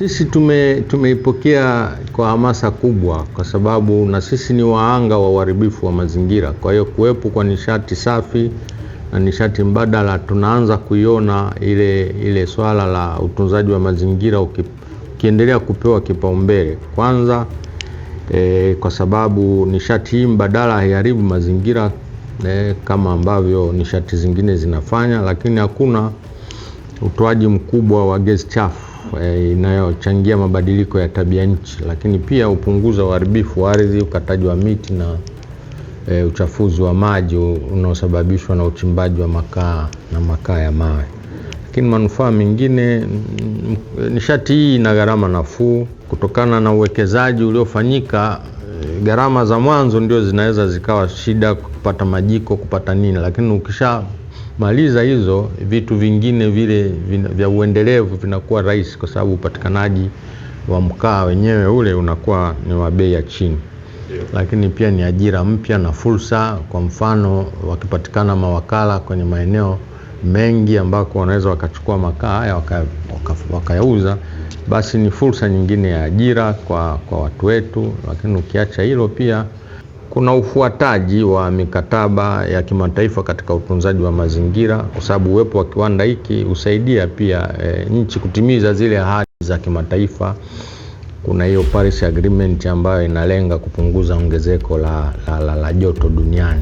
Sisi tume tumeipokea kwa hamasa kubwa, kwa sababu na sisi ni waanga wa uharibifu wa mazingira. Kwa hiyo kuwepo kwa nishati safi na nishati mbadala, tunaanza kuiona ile ile swala la utunzaji wa mazingira ukiendelea kupewa kipaumbele kwanza, e, kwa sababu nishati hii mbadala haiharibu mazingira e, kama ambavyo nishati zingine zinafanya, lakini hakuna utoaji mkubwa wa gesi chafu Eh, inayochangia mabadiliko ya tabia nchi, lakini pia hupunguza uharibifu wa ardhi, ukataji wa miti na e, uchafuzi wa maji unaosababishwa na uchimbaji wa makaa na makaa ya mawe. Lakini manufaa mengine, mm, nishati hii ina gharama nafuu kutokana na uwekezaji uliofanyika. Eh, gharama za mwanzo ndio zinaweza zikawa shida, kupata majiko, kupata nini, lakini ukisha ukimaliza hizo vitu vingine vile vya uendelevu vinakuwa rahisi, kwa sababu upatikanaji wa mkaa wenyewe ule unakuwa ni wa bei ya chini Lakini pia ni ajira mpya na fursa. Kwa mfano, wakipatikana mawakala kwenye maeneo mengi ambako wanaweza wakachukua makaa haya wakayauza, waka, waka basi ni fursa nyingine ya ajira kwa, kwa watu wetu. Lakini ukiacha hilo pia kuna ufuataji wa mikataba ya kimataifa katika utunzaji wa mazingira, kwa sababu uwepo wa kiwanda hiki husaidia pia e, nchi kutimiza zile ahadi za kimataifa. Kuna hiyo Paris Agreement ambayo inalenga kupunguza ongezeko la, la, la, la joto duniani.